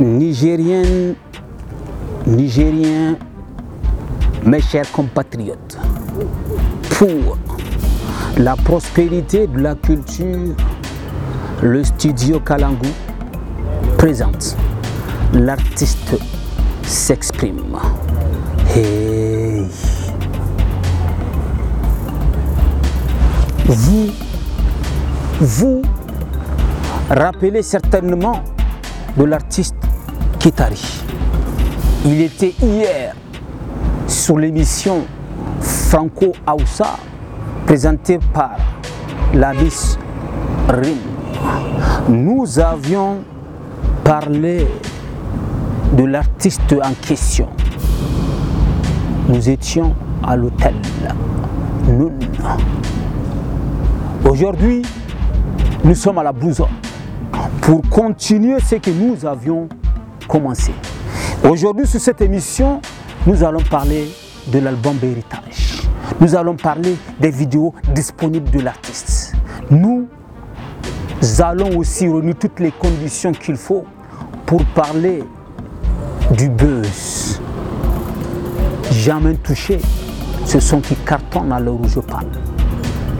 Nigérien, Nigériens, mes chers compatriotes, pour la prospérité de la culture, le studio Kalangu présente l'artiste s'exprime. et Vous, vous rappelez certainement de l'artiste Kitari. Il était hier sur l'émission Franco Aoussa présentée par Labis Rim. Nous avions parlé de l'artiste en question. Nous étions à l'hôtel Aujourd'hui, nous sommes à la boussole pour continuer ce que nous avions commencer. Aujourd'hui, sur cette émission, nous allons parler de l'album Héritage. Nous allons parler des vidéos disponibles de l'artiste. Nous allons aussi réunir toutes les conditions qu'il faut pour parler du buzz. Jamais touché, ce sont qui cartonnent à l'heure où je parle.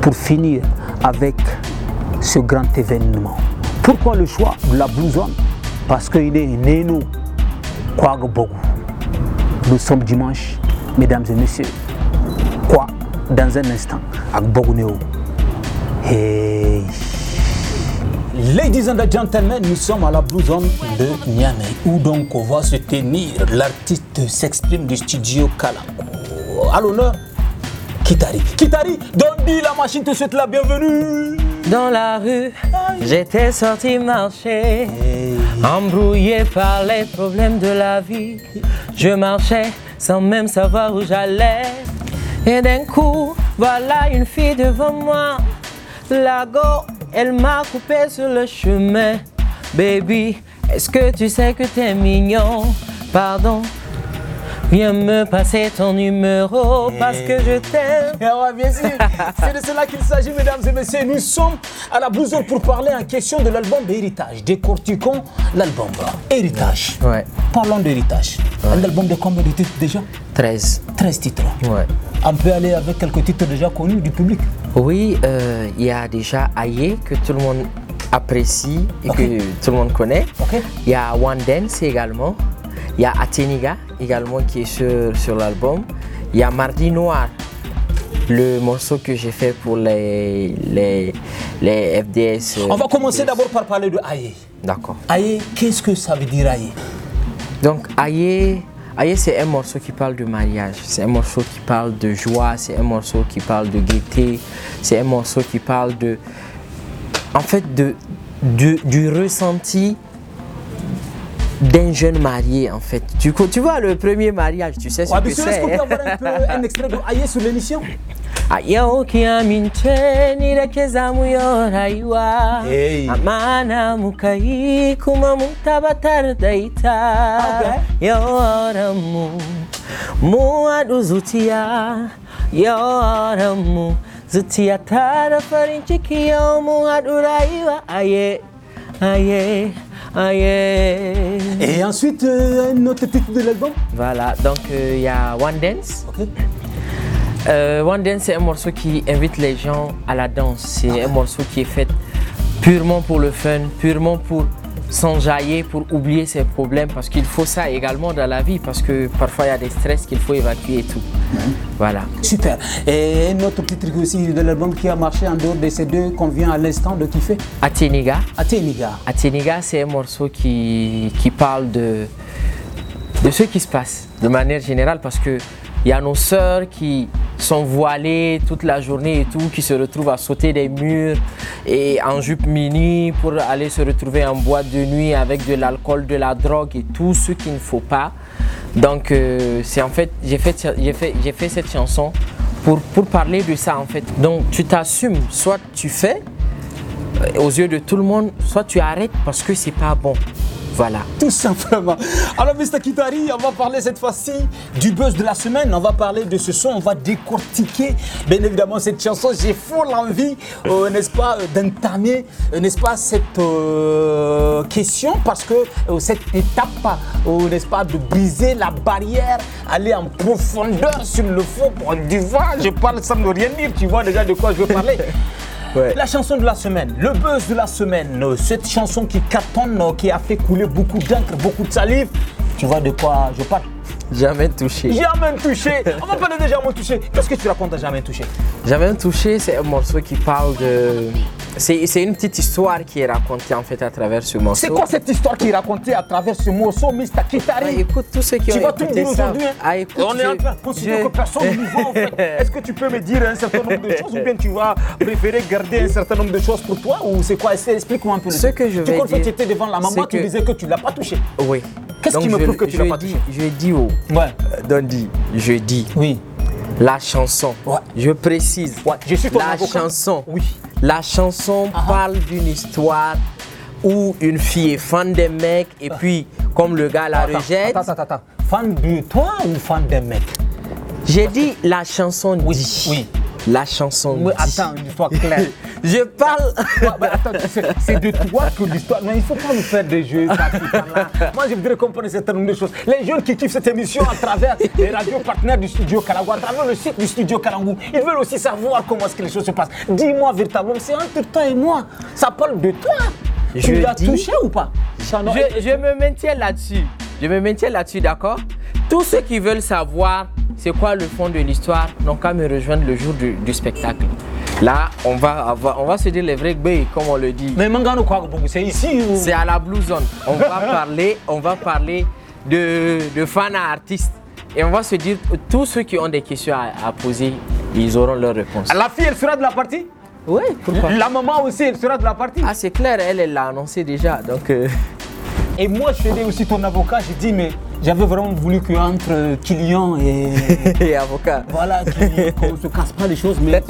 Pour finir avec ce grand événement. Pourquoi le choix de la blousonne parce qu'il est né nous. Nous sommes dimanche, mesdames et messieurs. Quoi dans un instant avec Boguneo. Hey. Ladies and gentlemen, nous sommes à la Blue Zone de Niamey, où donc on va se tenir. L'artiste s'exprime du studio Kalako À l'honneur, Kitari. Kitari, Dondi, la machine te souhaite la bienvenue. Dans la rue, j'étais sorti marcher. Embrouillé par les problèmes de la vie, je marchais sans même savoir où j'allais. Et d'un coup, voilà une fille devant moi. La go, elle m'a coupé sur le chemin. Baby, est-ce que tu sais que t'es mignon? Pardon, Viens me passer ton numéro parce que je t'aime. bien sûr. C'est de cela qu'il s'agit, mesdames et messieurs. Nous sommes à la bouson pour parler en question de l'album Héritage. Décortiquons l'album. Héritage. Ouais. Parlons d'héritage. l'album Un de combien de titres déjà 13. 13 titres. Ouais. On peut aller avec quelques titres déjà connus du public. Oui, euh, il y a déjà Aye que tout le monde apprécie et que tout le monde connaît. Il y a One Dance également. Il y a Ateniga également qui est sur, l'album. Il y a Mardi Noir, le morceau que j'ai fait pour les, les, FDS. Euh, On va commencer d'abord par parler de Aye. D'accord. Aye, qu'est-ce que ça veut dire Aye Donc Aye, Aye c'est un morceau qui parle de mariage, c'est un morceau qui parle de joie, c'est un morceau qui parle de gaieté, c'est un morceau qui parle de... En fait, de du ressenti d'un jeune marié en fait. Tu, tu vois le premier mariage, tu sais ce que c'est. Est-ce qu'on peut avoir un, peu, un extrait de Aïe sur l'émission Aya amana nirekeza muyo rayuwa hey. amana mukayi kuma mo okay. Yoramu ah, mua zutiya yaworamu zutia tara farin ciki yau muwadu rayuwa aye aye ah, Et ensuite, euh, un autre titre de l'album Voilà, donc euh, il y a One Dance. Euh, One Dance, c'est un morceau qui invite les gens à la danse. C'est un morceau qui est fait purement pour le fun, purement pour s'enjailler pour oublier ses problèmes parce qu'il faut ça également dans la vie parce que parfois il y a des stress qu'il faut évacuer et tout. Voilà. Super. Et un autre petit truc aussi de l'album qui a marché en dehors de ces deux qu'on vient à l'instant de kiffer Ateniga. Ateniga. Ateniga, c'est un morceau qui, parle de, de ce qui se passe de manière générale parce qu'il y a nos sœurs qui sont voilés toute la journée et tout, qui se retrouvent à sauter des murs et en jupe mini pour aller se retrouver en boîte de nuit avec de l'alcool, de la drogue et tout ce qu'il ne faut pas. Donc euh, c'est en fait, j'ai fait, j'ai fait cette chanson pour, pour parler de ça en fait. Donc tu t'assumes, soit tu fais euh, aux yeux de tout le monde, soit tu arrêtes parce que c'est pas bon. Voilà, tout simplement. Alors, Mr. Kitari, on va parler cette fois-ci du buzz de la semaine. On va parler de ce son, on va décortiquer, bien évidemment, cette chanson. J'ai full envie, euh, n'est-ce pas, euh, d'entamer, euh, n'est-ce pas, cette question parce que cette étape, n'est-ce pas, de briser la barrière, aller en profondeur sur le fond du vent. Je parle sans ne rien dire, tu vois déjà de quoi je veux parler. La chanson de la semaine, le buzz de la semaine, euh, cette chanson qui cartonne, euh, qui a fait couler beaucoup d'encre, beaucoup de salive. Tu vois de quoi je parle Jamais touché. Jamais touché. On va parler de Jamais touché. Qu'est-ce que tu racontes à Jamais touché Jamais touché, c'est un morceau qui parle de. C'est une petite histoire qui est racontée en fait à travers ce morceau. C'est quoi cette histoire qui est racontée à travers ce morceau, Mr. Kitari ah, Écoute, tous ceux qui tu vas tout dire aujourd'hui. Hein? Ah, on est en train de considérer que personne nous voit en fait. Est-ce que tu peux me dire un certain nombre de choses ou bien tu vas préférer garder un certain nombre de choses pour toi ou c'est quoi Explique-moi un peu. Ce que je vais tu que Tu étais devant la maman, tu disais que tu ne l'as pas touché. Oui. Qu'est-ce qui me prouve que tu l'as pas dit, Je dis, oh, ouais. Euh, je dis. Oui. La chanson. Ouais. Je précise. Ouais. Je suis La chanson. Oui. La chanson ah ah. parle d'une histoire où une fille est fan des mecs et puis comme le gars la rejette. Attends, attends, attends. Fan de toi ou fan des mecs J'ai dit la chanson oui, Oui. La chanson. Mais attends, une histoire claire. je parle. Bah, attends, c'est de toi que l'histoire. Mais il ne faut pas nous faire des jeux. Moi, je voudrais comprendre certain nombre de choses. Les jeunes qui kiffent cette émission à travers les radios partenaires du studio Kalangou, à travers le site du studio Kalangou, ils veulent aussi savoir comment est-ce que les choses se passent. Dis-moi véritablement, c'est entre toi et moi. Ça parle de toi. tu l'as touché ou pas je, je me maintiens là-dessus. Je me maintiens là-dessus, d'accord Tous ceux qui veulent savoir c'est quoi le fond de l'histoire, donc à me rejoindre le jour du, spectacle. Là, on va, on va se dire les vrais B comme on le dit. Mais Mangano quoi C'est ici ou... C'est à la Blue Zone. On va parler, on va parler de, de fans à artistes. Et on va se dire, tous ceux qui ont des questions à, poser, ils auront leur réponse. La fille, elle sera de la partie Oui, pourquoi La maman aussi, elle sera de la partie Ah, c'est clair, elle, elle l'a annoncé déjà, donc... Euh. Et moi, je faisais aussi ton avocat, j'ai dit, mais j'avais vraiment voulu qu'entre client et, avocat, voilà, qu'on ne se casse pas les choses, mais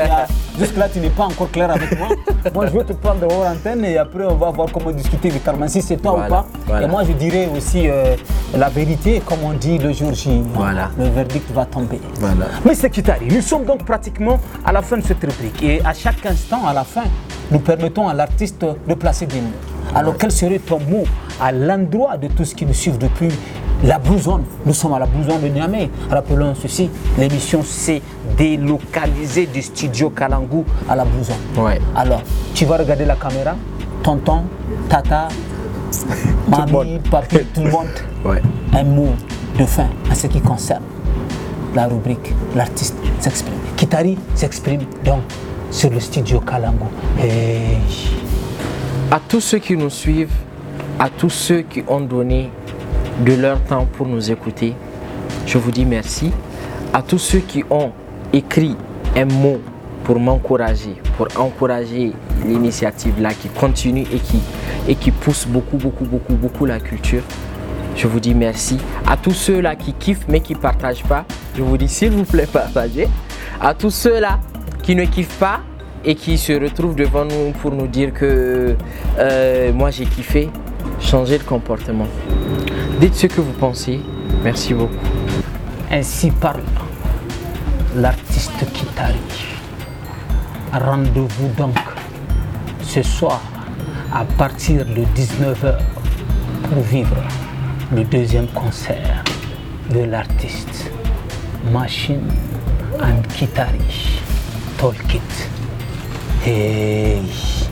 jusque-là, tu n'es pas encore clair avec moi. Moi, je veux te prendre de hors antenne et après, on va voir comment discuter avec Carmen, si c'est toi ou pas. Et moi, je dirais aussi euh, la vérité, comme on dit le jour J. Le verdict va tomber. Voilà. Mais c'est qui t'arrive. Nous sommes donc pratiquement à la fin de cette rubrique et à chaque instant, à la fin, nous permettons à l'artiste de placer des mots. Alors, quel serait ton mot à l'endroit de tout ce qui nous suit depuis la Blue Nous sommes à la bouson de Niamey. Rappelons ceci, l'émission s'est délocalisée du studio Kalangu à la bousonne. Alors, tu vas regarder la caméra, tonton, tata, mamie, papi, tout le monde. Un mot de fin à ce qui concerne la rubrique L'artiste s'exprime. Kitari s'exprime donc sur le studio Kalangu. A À tous ceux qui nous suivent, à tous ceux qui ont donné de leur temps pour nous écouter. Je vous dis merci. À tous ceux qui ont écrit un mot pour m'encourager, pour encourager l'initiative là qui continue et qui, et qui pousse beaucoup, beaucoup, beaucoup, beaucoup la culture. Je vous dis merci. À tous ceux-là qui kiffent mais qui ne partagent pas, je vous dis s'il vous plaît, partagez. À tous ceux-là qui ne kiffent pas et qui se retrouvent devant nous pour nous dire que euh, moi j'ai kiffé, changez le comportement. Dites ce que vous pensez. Merci beaucoup. Ainsi parle l'artiste Kitari. Rendez-vous donc ce soir à partir de 19h pour vivre le deuxième concert de l'artiste Machine and Kitari Tolkit. Hey.